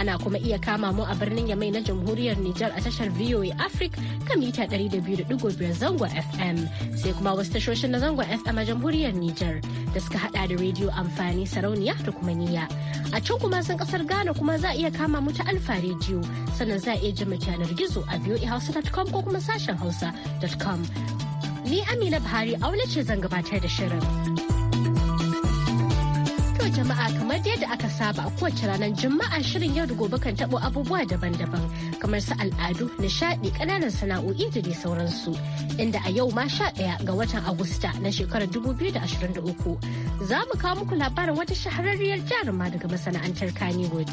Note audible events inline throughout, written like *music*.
Ana kuma iya kama mu a birnin Yamai na Jamhuriyar Nijar a tashar VOA Africa kan mita 200.5 zango FM sai kuma wasu tashoshin na zango FM a Jamhuriyar Nijar da suka hada da rediyo amfani sarauniya da kuma niya. A can kuma sun kasar Ghana kuma za a iya kama mu ta Alfa rediyo sannan za a iya jima yanar gizo a voahausa.com ko kuma sashen hausa.com. Ni Amina Buhari aula ce zan gabatar da shirin. jama'a kamar yadda aka saba a kowace ranar juma'a shirin yau da gobe kan tabo abubuwa daban-daban kamar su al'adu nishadi kananan sana'o'i da dai sauransu inda a yau ma sha ɗaya ga watan agusta na shekarar 2023 za mu kawo muku labarin wata shahararriyar jaruma daga masana'antar kannywood.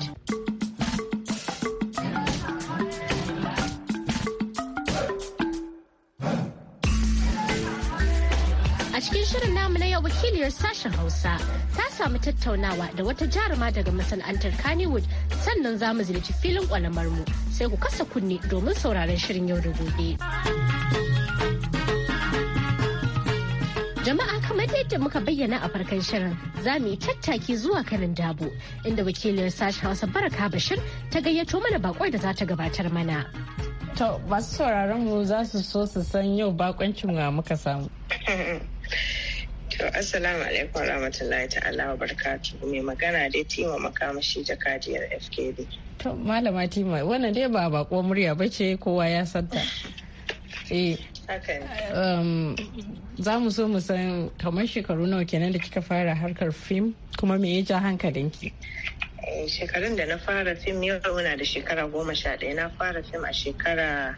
A cikin shirin namu na yau wakiliyar sashen Hausa ta samu tattaunawa da wata jaruma daga masana'antar Kannywood sannan za mu ziyarci filin kwalamar mu sai ku kasa kunne domin sauraron shirin yau da gobe. Jama'a kamar yadda muka bayyana a farkon shirin za mu yi tattaki zuwa kanin dabo inda wakiliyar sashen Hausa Baraka Bashir ta gayyato mana bakwai da za ta gabatar mana. masu sauraron mu za su so su san yau bakoncin muka samu. *laughs* To assalamu alaikum rahmatullahi ta'ala wa barkatu mai magana dai tima makamashi kajiyar FKD. To malama tima wannan dai ba bakuwar murya ba ce kowa ya santa. Eh. Um, za mu so mu san kamar shekaru nawa kenan da kika fara harkar fim kuma me ya ja hankalinki? Eh, shekarun da na fara fim yau muna da shekara goma sha ɗaya na fara fim a shekara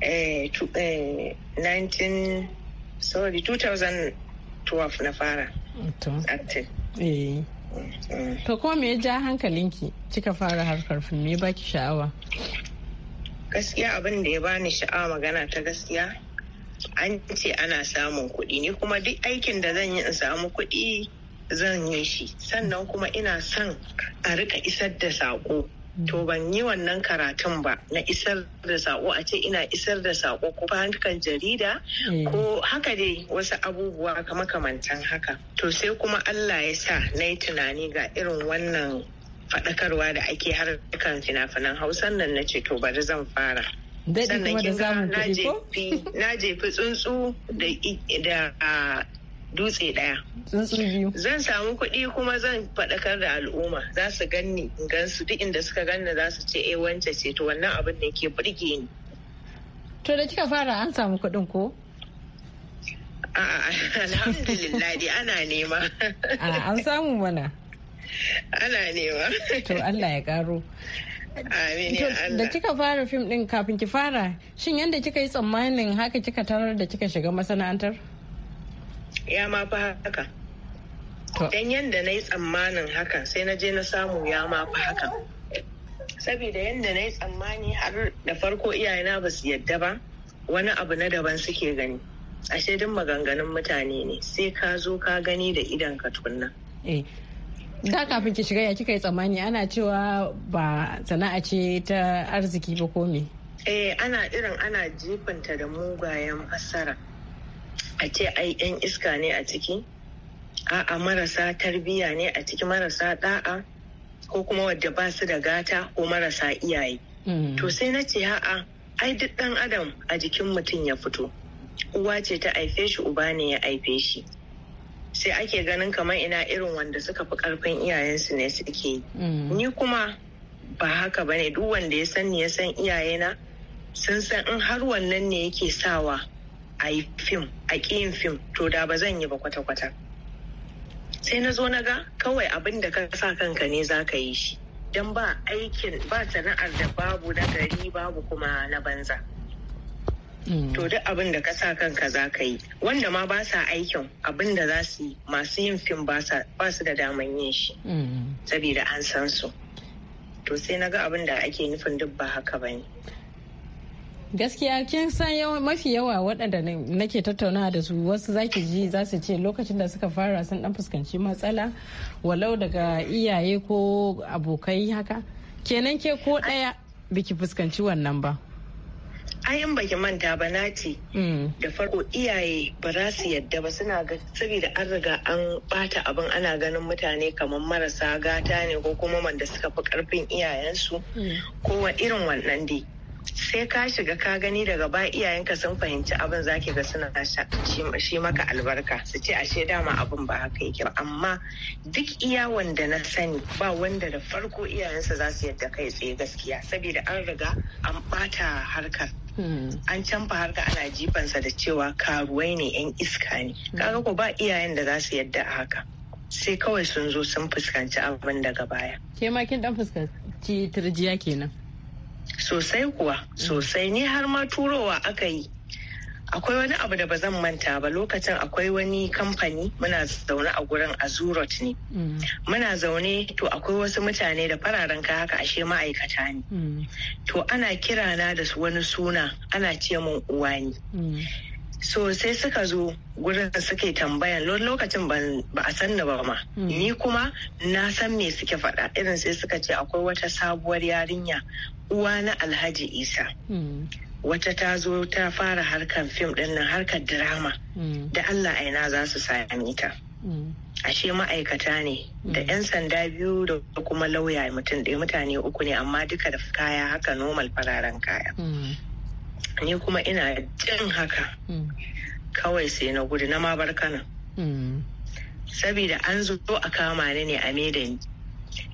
19 eh, eh, sorry 2000 12 na fara to ko eh. mm-hmm. me ya ja hankalinki kika fara harkar fim me baki sha'awa gaskiya abin da ya bani sha'awa magana ta gaskiya an ce ana samun kuɗi ni kuma duk aikin da zan yi in samu kuɗi zan yi shi sannan kuma ina son a rika isar da saƙo to ban yi wannan karatun ba na isar da sako a ce ina isar da sako ko fahimtar jarida eh. ko haka dai wasu abubuwa makamantan haka to sai kuma allah ya sa na yi tunani ga irin wannan faɗakarwa da ake harkan fina-finan hausan nan na ce to bari zan fara sannan kin na jefi tsuntsu da dutse ɗaya. Zan samu kuɗi kuma zan faɗakar da al'umma za su ganni in gansu duk inda suka ganni za su ce eh wance ce to wannan abin da ke burge ni. To da kika fara an samu kuɗin ko? Alhamdulillah dai ana nema. An samu mana. Ana nema. To Allah ya karo. da kika fara fim din kafin ki fara shin yadda kika yi tsammanin haka kika tarar da kika shiga masana'antar? ya ma fi haka dan yadda na yi tsammanin hakan sai na je na samu ya ma fi hakan saboda yadda na yi tsammani har da farko iyayena ba su yadda ba wani abu na daban suke gani ashe duk maganganun mutane ne sai ka zo ka gani da idan ka tunna eh. da kafin ki shiga ya kika yi tsammani ana cewa ba sana'a ce ta arziki ba ko me eh ana irin ana jifanta da mugayen fassara a ce ai 'yan iska ne a ciki a'a marasa tarbiyya ne a ciki marasa da'a ko kuma wadda ba su da gata ko marasa iyaye hmm. to sai na ce a'a ai duk dan adam a jikin mutum ya fito uwa ce ta aife shi uba ne ya aife shi sai ake ganin kamar ina irin wanda suka fi karfin iyayensu ne suke yi hmm. ni kuma ba haka ba ne duk wanda ya san ni ya san iyayena sun san in har wannan ne yake sawa a yi fim a ƙiyin fim to da ba zan yi ba kwata-kwata sai na zo na ga kawai abin da ka sa kanka ne za ka yi shi don ba aikin ba sana'ar da babu na gari babu kuma na banza mm. to duk abin da ka sa kanka za ka yi wanda ma ba sa aikin abin da za su yi masu yin fim ba su da daman yin shi mm. saboda an san su to sai na ga abin da ake nufin duk ba haka ba ne gaskiya kin san mafi yawa waɗanda nake tattaunawa da su wasu zaki ji za su ce lokacin da suka fara sun dan fuskanci matsala walau daga iyaye ko abokai haka kenan ke ko ɗaya biki fuskanci wannan ba ayan baki manta ba ce hmm. da farko iyaye ba za su yadda ba suna ga saboda an riga an bata abin ana ganin mutane kamar marasa gata ne ko kuma wanda suka fi karfin iyayensu hmm. ko irin wannan dai sai ka shiga ka gani daga ba iyayenka sun fahimci abin zaki ga suna shi maka albarka su ce ashe dama abin ba haka yake ba amma duk iya wanda na sani ba wanda da farko iyayensa za su yadda kai tsaye gaskiya saboda an riga an bata harkar hmm. an canfa harka ana jifansa da cewa karuwai ne yan iska ne kaga ko ba iyayen da za su yadda a haka sai kawai sun zo sun fuskanci abin daga baya ke ma kin dan fuskanci turjiya kenan sosai kuwa sosai ne har ma turowa aka yi akwai wani abu da ba zan manta ba lokacin akwai wani kamfani muna zaune a gurin azurot ne mm. muna zaune to akwai wasu mutane da fararen ka haka ashe ma'aikata ne mm. to ana kirana da wani suna ana ce min uwani so sai suka zo gurin suke tambayan lokacin ba a ni ba ma hmm. ni kuma na san me suke faɗa irin sai suka ce akwai wata sabuwar yarinya uwa na alhaji isa hmm. wata ta zo ta fara harkar fim ɗin harkar drama hmm. da allah aina za su sami ta ashe ma'aikata ne da 'yan sanda biyu da kuma lauya mutum ɗaya mutane uku ne amma duka da kaya haka normal fararen kaya ni kuma ina jin haka hmm. kawai sai na gudu na ma barkana. Hmm. Sabida an zo a kama ni ne a ni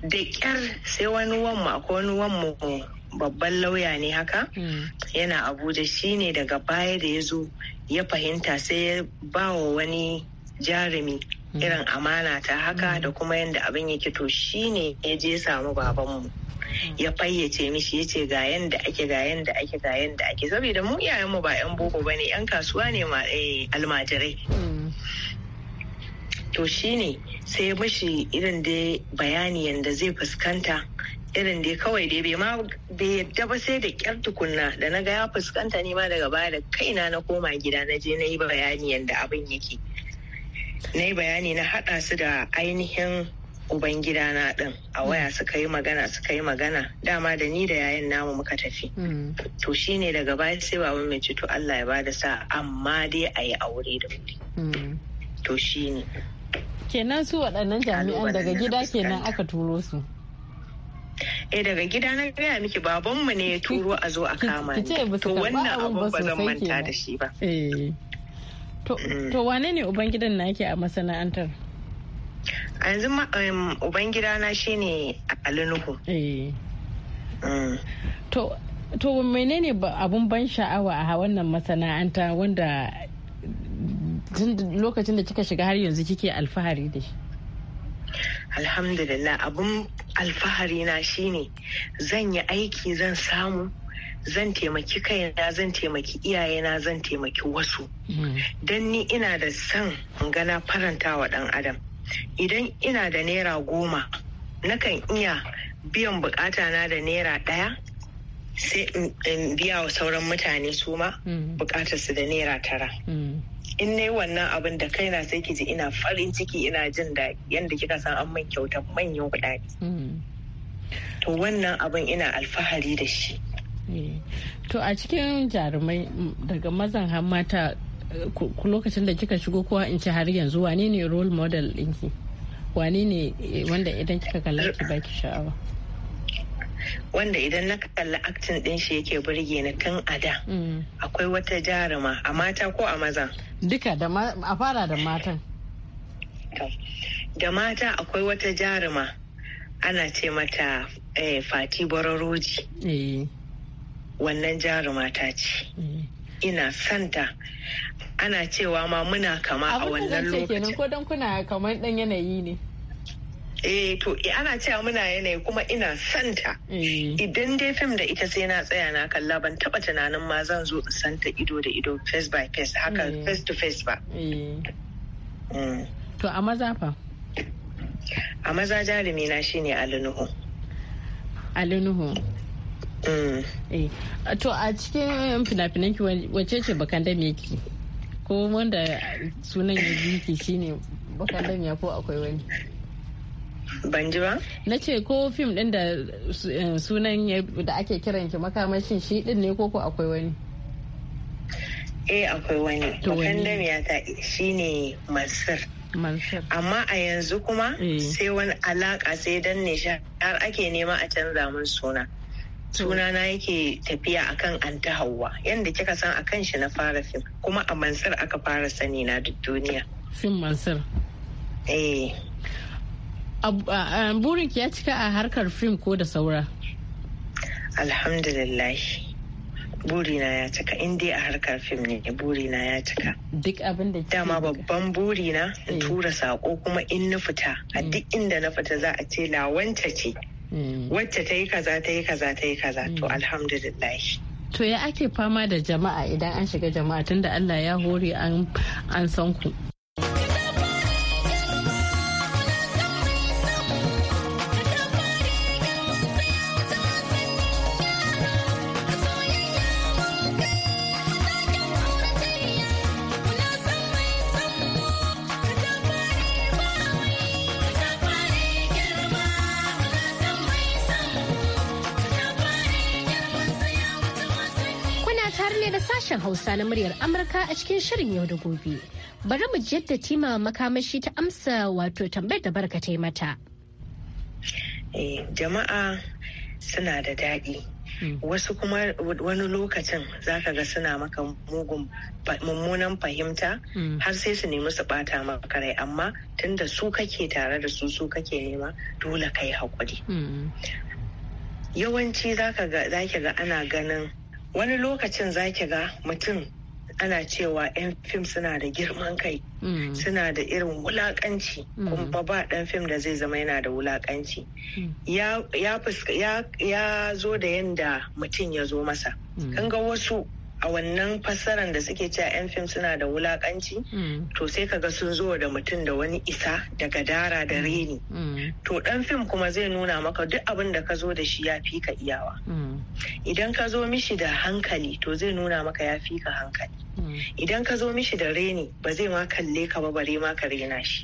da kyar sai wani wanmu ko wani wamma babban lauya ne haka hmm. yana abuja shine daga baya da ya zo ya fahimta sai ya ba wa wani jarumi irin amana ta haka da kuma yadda abin yake to shine ya je samu babanmu Mm. ya fayyace mishi ya ce ga yanda ake ga yanda ake ga yanda ake saboda mu iyayen mu ba 'yan boko ba ne 'yan kasuwa ne eh, almajirai mm. to shine sai mishi irin da bayani yanda zai fuskanta irin da kawai dai bai ma bai yadda ba sai da kyar tukunna da na ga ya fuskanta ne ma daga baya da kaina na koma gida na je na yi bayani yadda abin yake na yi bayani na haɗa su da ainihin uban gidana din a mm. waya suka yi magana suka yi magana dama da ni da yayin namu muka tafi mm. to shine daga baya sai baban mai ce to Allah ya bada sa amma dai a yi aure da wuri mm. to shine kenan su waɗannan jami'an daga gida kenan aka turo su eh daga gida na gaya miki mu ne ya turo a zo a kama ni to wannan abun ba zan manta da shi ba eh. to wane ne uban gidan nake a masana'antar a yanzu ubangida na shine alinuhu eh. mm. to to menene abun ban sha'awa a wannan masana'anta wanda lokacin da kika shiga har yanzu kike alfahari da shi alhamdulillah abun alfahari na shine zan yi aiki zan samu zan taimaki kaina zan taimaki iyayena zan taimaki wasu mm. don ni ina da son gana faranta wa dan adam idan ina da naira goma nakan iya biyan bukata na da naira ɗaya sai in biya wa sauran mutane su ma mm. bukatar su da naira tara mm. in nayi wannan abin da kaina sai ki ji ina farin ciki ina jin da yadda kika san an man kyauta manyan kudade mm. to wannan abin ina alfahari da shi eh. to a cikin jarumai daga mazan har mata lokacin da kika shigo kowa in ci har yanzu wane ne role model ɗinki wane ne eh, wanda idan kika kalla ki baki sha'awa wanda idan na kalli aktin din shi yake burge ni tun a da mm. akwai wata jaruma a mata ko a maza duka da a fara da matan da mata akwai wata jaruma ana ce mata eh, fati bororoji eh. wannan jaruma ta ce ina santa ana cewa ma muna kama a wannan lokacin ko don kuna kamar dan yanayi ne eh to eh, ana cewa muna yanayi kuma ina santa eh. idan dai fim da ita sai na tsaya na kalla ban taba tunanin ma zan zo in santa ido da ido face by face haka eh. face to face ba mm. to a maza fa a maza jarumi na shine alinuhu alinuhu mm. to a cikin fina-finanki wacece bakan da me yake ko wanda sunan ya shi shine bakan ya ko akwai wani ban ji ba na ce ko fim din da eh, sunan da ake kiran ki makamashin shi din ne ko ko akwai wani eh akwai wani bakan ya ta shine masir amma a yanzu kuma eh. sai wani alaka sai dan ne har ake nema a canza mun suna na yake tafiya akan anta hawa yadda kika san akan shi na fara fim kuma a mansar aka fara sani na duk duniya fim mansar eh burin ya cika a harkar fim ko da saura alhamdulillah burina ya cika in dai a harkar fim ne burina ya cika duk abin da dama babban burina in eh. tura sako kuma in na fita a eh. duk inda na fita za a ce lawanta ce Mm. wacce ta yi kaza ta yi kaza ta yi kaza to mm. alhamdulillah to ya ake fama da jama'a idan an shiga jama'a tunda Allah ya hore an san ku sashen Hausa na muryar Amurka a cikin shirin yau da gobe. Bari mu ji tima makamashi ta amsa wato tambayar da barka ta yi mata. Eh, jama'a suna da daɗi. Hmm. Wasu kuma wani lokacin za ka ga suna maka mummunan fahimta hmm. har sai su nemi su ɓata maka rai amma tunda su kake tare da su su kake nema dole kai haƙuri. Hmm. Yawanci za ka ga ana ganin wani lokacin za ki ga mutum ana cewa 'yan fim suna da girman kai hmm. suna da irin wulakanci hmm. kuma ba dan fim da zai zama yana da wulakanci hmm. ya zo da yanda mutum ya zo masa kan ga wasu a wannan fassaran da suke cewa 'yan fim suna da wulakanci hmm. to sai kaga sun zo da mutum da wani isa da dara da hmm. reni hmm. to dan fim kuma zai nuna maka duk abin da ka zo da shi ya fi ka iyawa idan ka zo mishi da hankali to zai nuna maka ya fi ka hankali idan ka zo mishi da reni ba zai ma kalle ka ba bare ma ka rena shi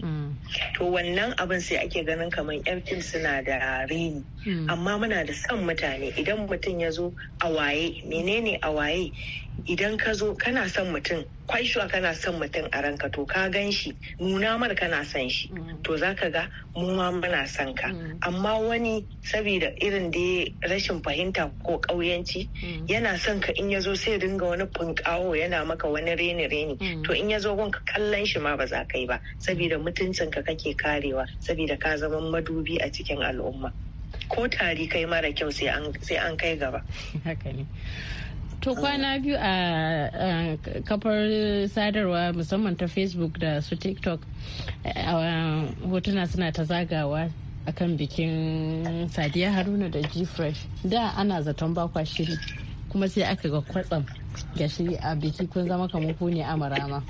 to wannan abin sai ake ganin kamar 'yan fim suna da reni amma muna da son mutane idan mutum ya zo a waye menene a waye idan ka zo kana son mutum kwaishuwa kana son mutum a ranka to ka gan shi nuna mar kana son shi mm. to za ka ga mu ma muna son ka mm. amma wani saboda irin da rashin fahimta ko ƙauyanci mm. yana son ka in ya zo sai dinga wani funkawo yana maka wani reni reni to in ya zo gonka kallon shi ma ba za ka yi ba saboda mutuncin ka kake karewa saboda ka zama madubi a cikin al'umma ko tari kai mara kyau sai an kai gaba *laughs* to kwana biyu a kafar sadarwa musamman ta facebook da su tiktok hotuna suna ta zagawa a kan bikin sadiya haruna da g-fresh da ana zaton bakwa shiri kuma sai aka ga kwatsam gashi a biki kun zama kamar ku a marama.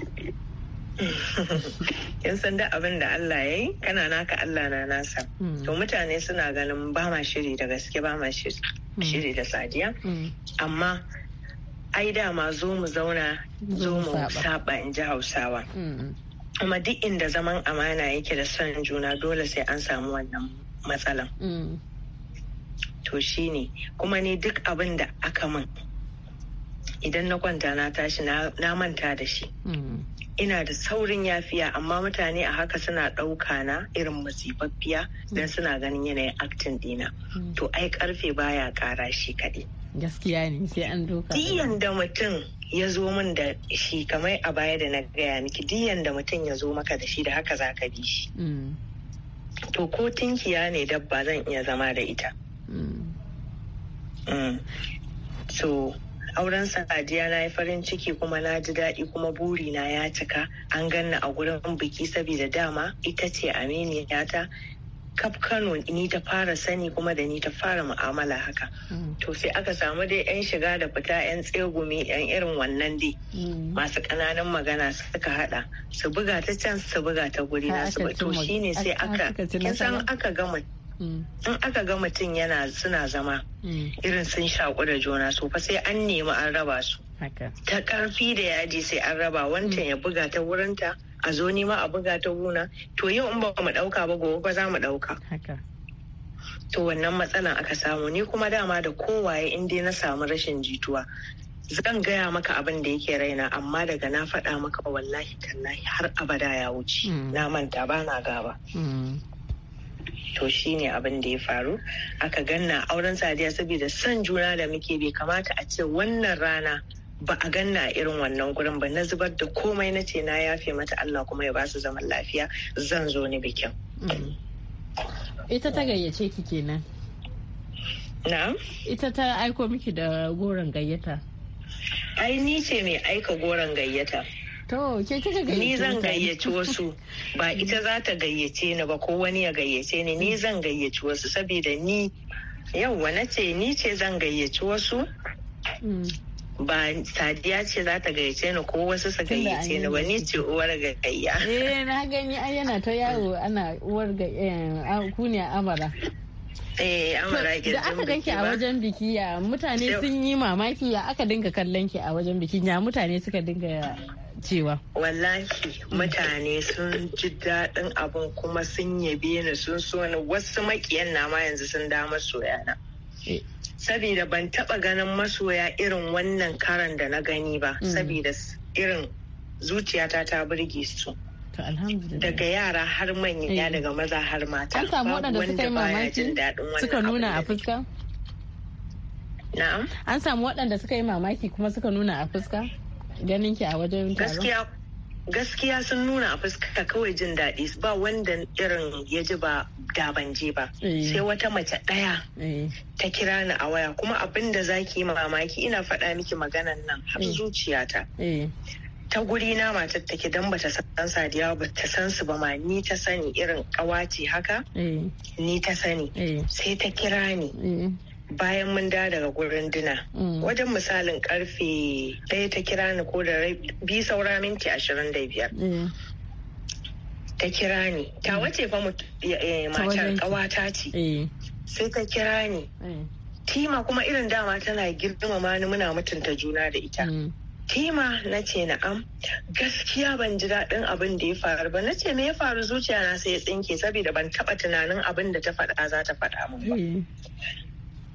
Yan *laughs* sanda abin da Allah ya yi kana naka Allah na nasa hmm. to mutane suna ganin ba ma shiri da gaske ba ma shiri hmm. da sadiya hmm. amma ai dama zo mu zauna zo mu saba in ji hausawa mm-hmm. kuma duk inda zaman amana yake da son juna dole sai an samu wannan matsalan mm-hmm. to shi ne kuma ni duk abin da aka min idan na kwanta na tashi na manta da shi mm-hmm. ina da saurin yafiya amma mutane a haka suna ɗauka na irin masifaffiya don suna ganin yanayin actin dina to ai karfe baya kara shi kaɗai gaskiya ne sai an doka diyan da mutum ya zo min da shi kamar a baya da na gaya miki diyan da mutum ya zo maka da shi da haka za ka bi shi mm. to ko tinkiya ne dabba zan iya zama da ita mm. Mm. so auren sadiya na yi farin ciki kuma na ji daɗi kuma buri na ya cika an ganna a gurin biki saboda dama ita ce aminiyata kaf kano ni ta fara sani kuma da ni ta fara mu'amala haka mm. to sai aka samu dai yan shiga da fita yan tsegumi yan irin wannan dai mm. masu kananan magana suka hada su buga ta can su buga ta guri na su to shine sai aka kin san aka gama mm. in aka ga mutum yana suna zama irin sun shaƙu da juna so fa sai an nemi an raba su ta karfi da yaji sai an raba wancan ya buga ta wurinta a zo nima a buga ta gona to yau in ba mu ɗauka ba gobe ba za mu ɗauka. To wannan matsalan aka samu ni kuma dama da kowaye in dai na samu rashin jituwa zan gaya maka abin da yake raina amma daga na faɗa maka wallahi tallahi har abada ya wuce hmm. na manta ba na gaba. Hmm. to shi ne abin da ya faru aka ganna auren sadiya saboda son juna da muke bai kamata a ce wannan rana ba a ganna a irin wannan gurin ba na zubar da komai na ce na yafe mata Allah kuma ya basu zaman lafiya zan zo ni bikin. Mm. Ita ta gayyace ki kenan. Na? Ita ta aiko miki da goron gayyata. Ai ni ce mai aika goron gayyata. To, ke kika gayyace Ni zan gayyaci wasu, ba ita za ta gayyace ni ba ko wani ya gayyace ni, ni zan gayyaci wasu saboda ni yau na ce ni ce zan gayyaci wasu. Mm. ba sadiya ce za ta gayyace ni ko wasu su gayyace ni ba ni ce uwar gayya. *laughs* Eh na gani ai yana ta yawo ana uwar gayya eh, ku ne amara. Eh amara ke da aka ganki a wajen biki ya mutane sun yi mamaki ya aka dinga kallon ki a wajen biki ya mutane suka dinga cewa. Wallahi mutane sun ji daɗin abin kuma sun yabe ni sun so ni wasu makiyan na ma yanzu sun dama soyana. Eh. saboda ban taba ganin masoya irin wannan karan da na gani ba mm. saboda irin zuciyata ta burge su daga yara har manya eh. daga maza har mata an samu waɗanda suka yi mamaki nuna a fuska na'am an samu waɗanda suka yi mamaki kuma suka nuna a fuska ganin ki a wajen taron gaskiya gaskiya sun nuna a fuska kawai jin daɗi ba wanda irin ya ji ba da ban ba eh. sai wata mace ɗaya eh. ta kira ni a waya kuma abin da za ki yi mamaki ina faɗa miki maganan nan har eh. zuciyata ta guri na matar take ba ta san sadiya ba ta san su ba ma ni ta sani irin kawace haka ni ta sani sai ta kira ni bayan mun da daga gurin dina mm. wajen misalin karfe ɗaya ta kira ni ko da bi saura minti ashirin da biyar mm. ta kira ni ta mm. wace fa eh, matar kawata ce eh. sai ta kira ni eh. tima kuma irin dama tana girmama ni muna mutunta juna da ita tima na ce na'am gaskiya ban ji daɗin abin da ya faru ba na ce me ya faru zuciya na sai ya tsinke saboda ban taɓa tunanin abin da ta faɗa za ta faɗa min ba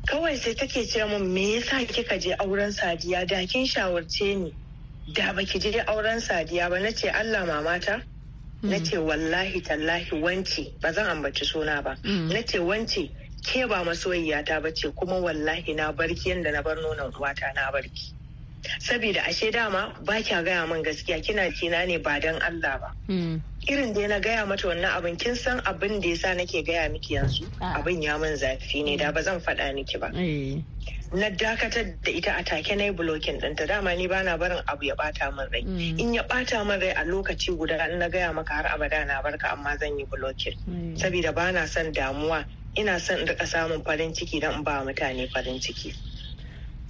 kawai sai take ce min me yasa kika je auren sadiya da kin shawarce ni da baki je auren sadiya ba nace Allah mamata mm. nace wallahi tallahi wance ba zan ambaci suna ba mm. nace wance ke ba masoyiyata ba ce kuma wallahi na barki yadda na bar nonon wata na barki saboda ashe dama ba kya gaya min gaskiya kina kina ne ba dan Allah ba mm. irin dai na gaya mata wannan abin kin san abin da yasa nake gaya miki yanzu ah. abin ya min zafi ne da ba zan faɗa miki ba eh. na dakatar da ita a take na yi blocking ɗinta dama ni bana barin abu ya bata min rai hmm. in ya ɓata min rai a lokaci guda in na gaya maka har abada na barka amma zan yi blocking hmm. saboda bana son damuwa ina son in rika samun farin ciki don in ba mutane farin ciki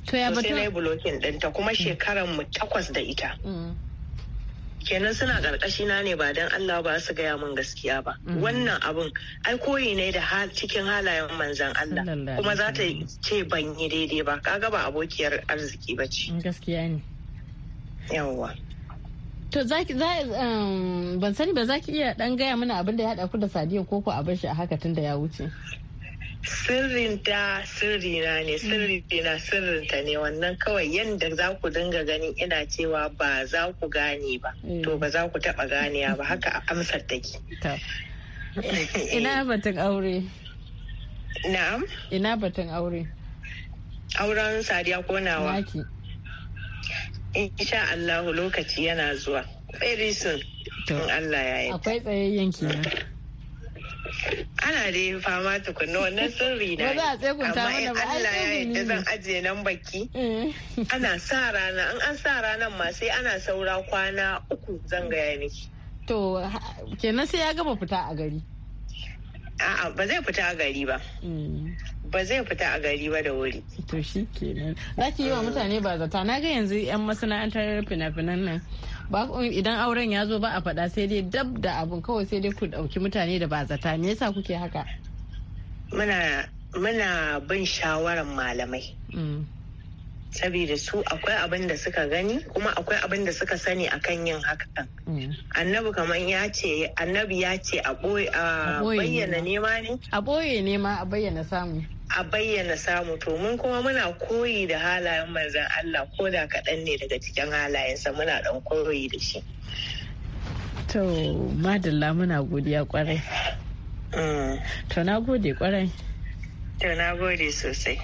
to ya batun sai na yi blocking ɗinta kuma shekaran mu takwas da ita hmm. kenan suna karkashina ne ba don Allah ba su gaya min gaskiya ba mm. wannan abun ai koyi ne da cikin halayen manzan Allah kuma za ta ce ban yi daidai ba kaga ba abokiyar arziki ba ce gaskiya ne yawwa to um, ban sani ba za ki iya ɗan gaya mana abin da ya haɗa ku da Sadiya ko ku a bar shi a haka tun da ya wuce sirrinta sirrina ne sirrina sirrinta ne wannan kawai yadda za ku dinga ganin ina cewa ba za ku gane ba to ba za ku taba ganiya ba haka amsar take ina batun aure na'am ina batun aure auren sadiya konawa insha Allah lokaci yana zuwa very soon in Allah ya yi akwai tsayayyen kenan ana dai fama tukunna wannan sirri na amma in Allah ya yadda zan ajiye nan baki mm. ana sa rana an an sa ranan ma sai ana saura kwana uku zan gaya miki to kenan sai ya gama fita a gari a'a ba zai fita a gari ba mm. ba zai fita a gari ba da wuri to shi kenan za ki yi wa mm. mutane ba zata na ga yanzu yan masana'antar fina-finan nan ba idan auren ya zo ba a faɗa sai dai dab da abun kawai sai dai ku ɗauki mutane da ba zata me yasa kuke haka muna bin shawarar malamai mm. saboda su akwai abin da suka gani kuma akwai abin da suka sani akan yin hakan mm. annabi kamar ya ce annabi ya ce a bayyana nema ne a boye nema a bayyana samu a bayyana samu to mun kuma muna koyi da halayen manzan Allah ko da kaɗan ne daga cikin halayensa muna ɗan koyi da shi to madalla muna godiya kwarai mm. to na gode kwarai to na gode sosai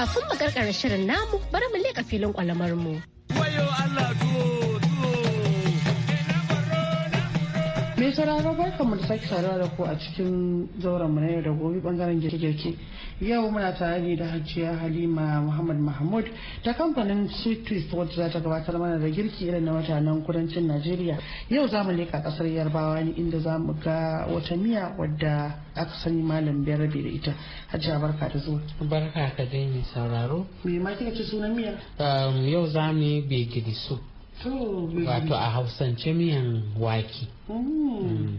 Kafin mu karkara shirin namu bari mu leƙa filin kwalamar mu. Wayo Allah Mai sauraro barkamu da sake saurara da ku a cikin zauren mu na yau da gobe bangaren girke-girke. yau muna tare da hajiya halima muhammad mahmud ta kamfanin sweet wadda za ta gabatar mana da girki irin na mutanen kudancin najeriya yau za mu leƙa ƙasar yarbawa ne inda za mu ga wata miya wadda aka sani malam biyar rabe da ita hajiya barka da zuwa barka ka dai mai sauraro me ma kika ci sunan miya um, yau za mu yi begiri wato a hausance miyan waki. Mm. Mm.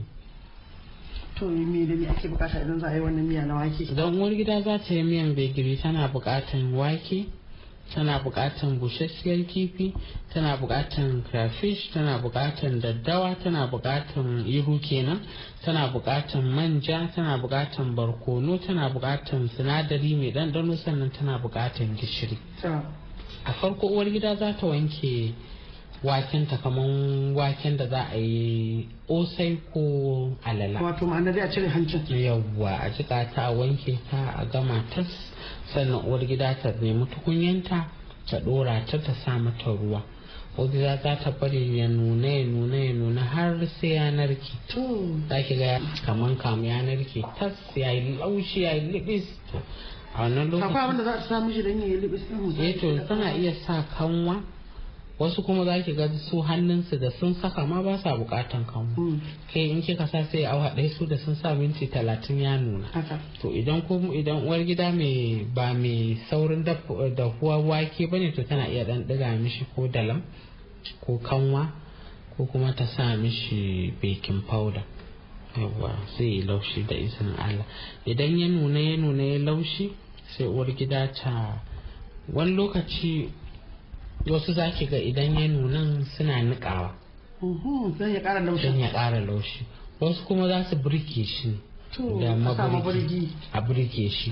to me da ake bukata idan za a yi wannan miya na wake idan wani gida za ta yi miyan begiri tana bukatan wake tana bukatan busasshiyar kifi tana bukatan crayfish tana bukatan daddawa tana bukatan ihu kenan tana bukatan manja tana bukatan barkono tana bukatan sinadari mai ɗanɗano sannan tana bukatan gishiri a farko uwar gida za ta wanke Waken ta kaman waken da za a yi osai ko alala wato ma'ana dai a cire hancin yawwa a jika ta a wanke ta a gama tas sannan uwar gida ta nemi tukunyanta ta dora ta ta sa mata ruwa Ogida za ta bari ya nuna ya nuna ya nuna har sai ya narke. Za ki ga kaman kamu ya narke tas ya yi laushi ya yi libis. A wannan lokacin. Akwai abin za a samu shi don ya yi libis ɗin. Eh to tana iya sa kanwa wasu kuma za ki ga su hannunsu da sun saka ma ba sa bukatan kanmu hmm. kai in kika sa sai awa ɗaya su da sun sa minti talatin ya nuna to idan ko idan uwar gida mai ba mai saurin da huwa wake bane to tana iya dan diga mishi ko dalam ko kanwa ko kuma ta sa mishi baking powder yawwa zai laushi da izinin Allah idan ya nuna ya nuna ya laushi sai uwar gida ta wani lokaci wasu za ga idan ya nunan suna nikawa don ya ƙara laushi wasu kuma za su birke shi da maburgi a birke shi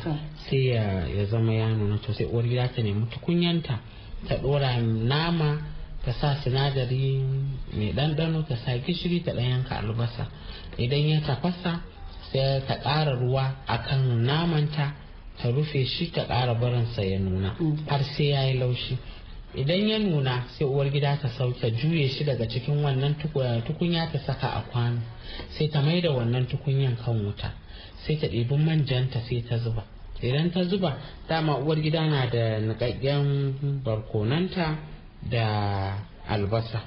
sai ya zama ya nuna to sai uwar gida ta nemi tukunyanta ta ɗora nama ta sa sinadari mai dandano ta sa gishiri ta ɗan yanka albasa idan ya tafasa sai ta ƙara ruwa akan namanta ta rufe shi ta ƙara barinsa ya nuna mm. har sai ya yi laushi idan ya nuna sai uwar gida ta sauke juye shi daga cikin wannan tukunya ta saka a kwano sai ta mai da wannan tukunyan kan wuta sai ta ɗebi manjanta sai ta zuba idan ta zuba dama uwar gida na da niƙaƙƙen barkonanta da albasa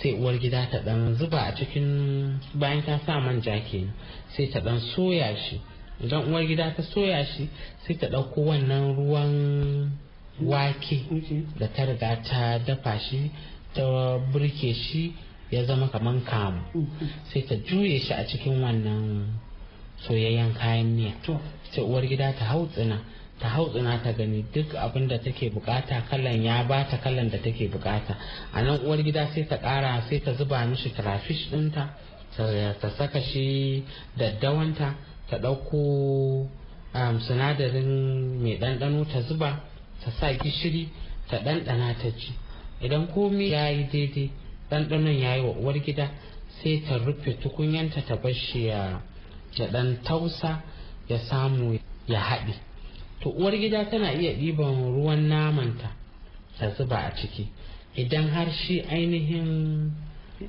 sai uwar gida ta dan zuba a cikin bayan ta sa manja kenan sai ta dan soya shi idan uwar gida ta soya shi sai ta ɗauko wannan ruwan wake da ta riga ta dafa shi ta burke shi ya zama kaman kamu sai ta juye shi a cikin wannan soyayyen kayan miya ta uwar gida ta hautsina ta hautsina ta gani duk abin da take bukata kalan ya ba ta kalan da take bukata a nan uwar gida sai ta kara sai ta zuba mishi trafish dinta ta saka shi daddawanta ta ɗauko um, sinadarin mai ɗanɗano ta zuba ta sa gishiri ta ɗanɗana ta ci idan komi ya yi daidai ɗanɗanon ya yi wa uwar gida sai ta rufe tukunyanta ta bar shi ya ɗan tausa ya samu ya haɗe to uwar gida tana iya ɗiban ruwan namanta ta zuba a ciki idan har shi ainihin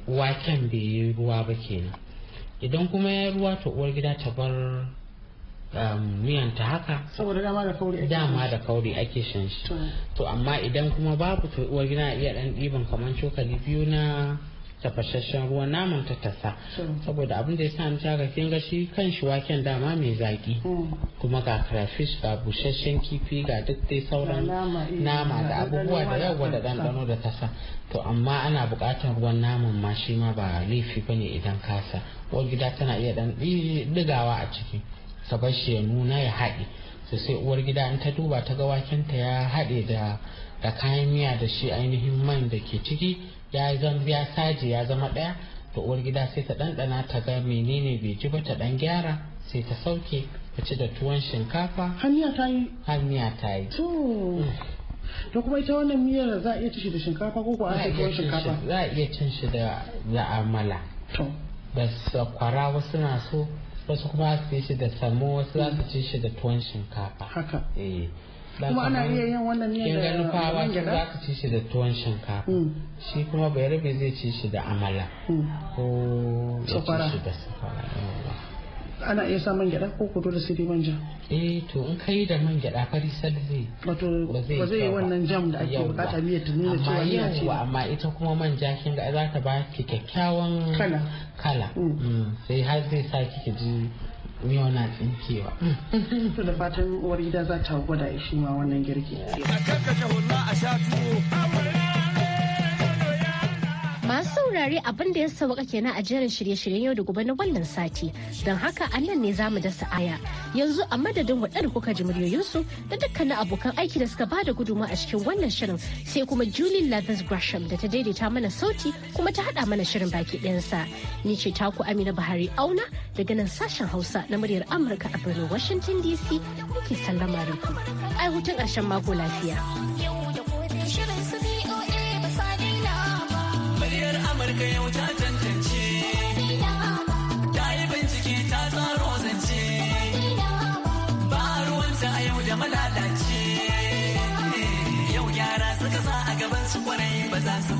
waken bai yi ruwa ba kenan idan kuma ya yi ruwa ta uwar gida ta bar Um, miyanta haka saboda dama da kauri ake dama shan shi to amma idan kuma babu to uwar gida iya dan ɗiban kamar cokali biyu na tafashashen ruwan naman ta tasa saboda abin da ya sa ni kin gashi kan shi waken dama mai zaki hmm. kuma ga crayfish ga busasshen kifi ga duk dai sauran nama eh, da abubuwa da yawa da dandano da tasa to amma ana buƙatar ruwan naman ma shi ma ba laifi bane idan kasa uwar gida tana iya dan digawa a ciki su ya nuna ya haɗe sai sai uwar gida in ta duba ta ga wakenta ya haɗe da da kayan miya da shi ainihin man da ke ciki ya zama ya saje ya zama ɗaya to uwar gida sai ta ɗanɗana ta ga menene bai ji ba ta ɗan gyara sai ta sauke ta ci da tuwon shinkafa har miya ta yi har miya ta yi to kuma ita wannan miyar za a iya ci da shinkafa ko ko a ci tuwon shinkafa za a iya cin shi da da amala to da sakwara wasu na so wasu kuma su yi shi da samo wasu za su ci shi da tuwon shinkafa haka eh kuma ana iya yin wannan ne da ganin fawa su za su ci shi da tuwon shinkafa mm. shi kuma bai zai ci shi da amala mm. ko ya ci shi da safara ana iya sa man gyada ko kudu da sai dai manja eh to in kai da man gyada fari sai zai wato ba zai wannan jam da ake bukata miyar ta nuna cewa ya ce amma ita kuma manja kin ga za ta ba ki kyakkyawan kala kala mm. Mm, sai har zai sa ki ji miyau na tsinkewa to da fatan uwar gida za ta gwada shi ma wannan girki a hulla a shafi Masu saurari abin da ya sauka kenan a jerin shirye-shiryen yau da gobe na wannan sati. Don haka a nan ne za mu dasa aya. Yanzu a madadin waɗanda kuka ji muryoyinsu da dukkanin abokan aiki da suka bada guduma a cikin wannan shirin sai kuma Julie lavis Gresham da ta daidaita mana sauti kuma ta haɗa mana shirin baki ɗayansa. Ni ce taku Amina Buhari Auna daga nan sashen Hausa na muryar Amurka a birnin Washington DC. Muke sallama da ku. Ai hutun ƙarshen mako lafiya. daga yau ta tantance ta yi bincike ta tsaro zance ba ruwanta a yau da malalace yau gyara suka sa a gaban su kwarai ba za su